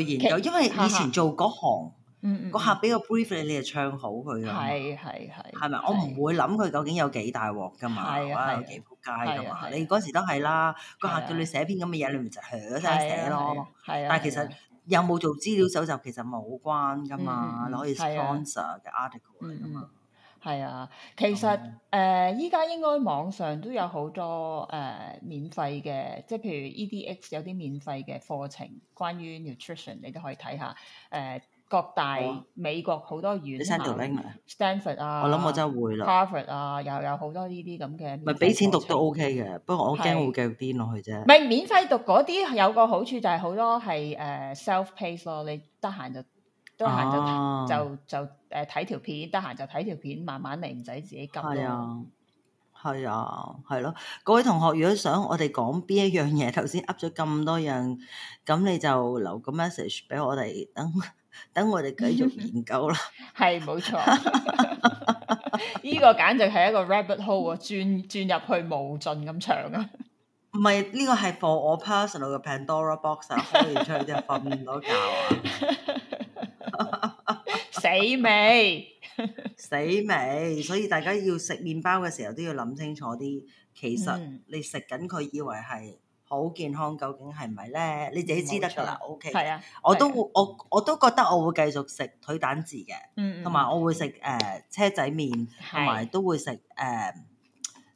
去研究，因為以前做嗰行，個客俾個 brief 你，你就唱好佢嘅。係係係。係咪？我唔會諗佢究竟有幾大鑊㗎嘛？哇！有幾撲街㗎嘛？你嗰時都係啦，個客叫你寫篇咁嘅嘢，你咪就噏聲寫咯。係啊。但係其實有冇做資料搜集其實冇關㗎嘛，你可以 sponsor 嘅 article 嚟㗎嘛。係啊，其實誒依家應該網上都有好多誒、呃、免費嘅，即係譬如 E D X 有啲免費嘅課程，關於 nutrition 你都可以睇下。誒、呃、各大美國好多院校、哦啊、Stanford 啊，我諗我真係會啦，Harvard 啊，又有好多呢啲咁嘅。咪俾錢讀都 OK 嘅，不過我驚會繼續癲落去啫。咪免費讀嗰啲有個好處就係好多係誒 self pace 咯，你得閒就。得閒就就誒睇、呃、條片，得閒就睇條片，慢慢嚟，唔使自己急咯。係啊，係啊，係咯、啊啊。各位同學，如果想我哋講邊一樣嘢，頭先噏咗咁多樣，咁你就留個 message 俾我哋，等等我哋繼續研究啦。係冇 錯，呢個簡直係一個 rabbit hole 啊，轉轉入去無盡咁長啊！唔係呢個係 for 我 personal 嘅 Pandora box 啊、er,，開完出嚟就瞓唔到覺啊！ 死未？ 死未？所以大家要食麵包嘅時候都要諗清楚啲。其實你食緊佢以為係好健康，究竟係咪呢？你自己知得㗎喇。OK，係啊，啊我都會我我都覺得我會繼續食腿蛋治嘅，同埋、嗯嗯、我會食誒、呃、車仔麵，同埋都會食誒。呃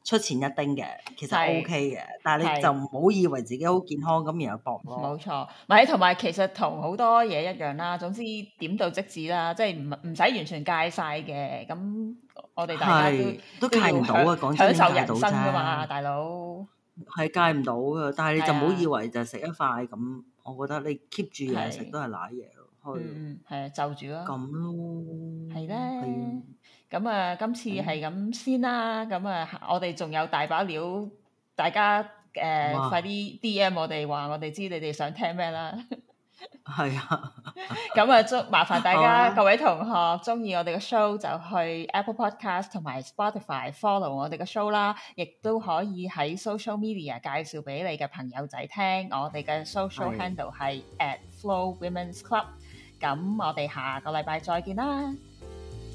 出前一丁嘅，其實 O K 嘅，但係你就唔好以為自己好健康咁，然後搏冇錯，咪同埋其實同好多嘢一樣啦。總之點到即止啦，即係唔唔使完全戒晒嘅。咁我哋大家都都戒唔到啊！享受人生啊嘛，大佬係戒唔到嘅。但係你就唔好以為就食一塊咁，我覺得你 keep 住嘢食都係賴嘢。去，嗯，係啊，就住啦。咁咯，係咧。咁啊，今次係咁先啦。咁啊，我哋仲有大把料，大家誒快啲 D M 我哋，話我哋知你哋想聽咩啦。係啊，咁啊，中麻煩大家各位同學，鍾意、哦、我哋嘅 show 就去 Apple Podcast 同埋 Spotify follow 我哋嘅 show 啦，亦都可以喺 social media 介紹俾你嘅朋友仔聽。我哋嘅 social handle 係 at Flow Women's Club。咁我哋下個禮拜再見啦。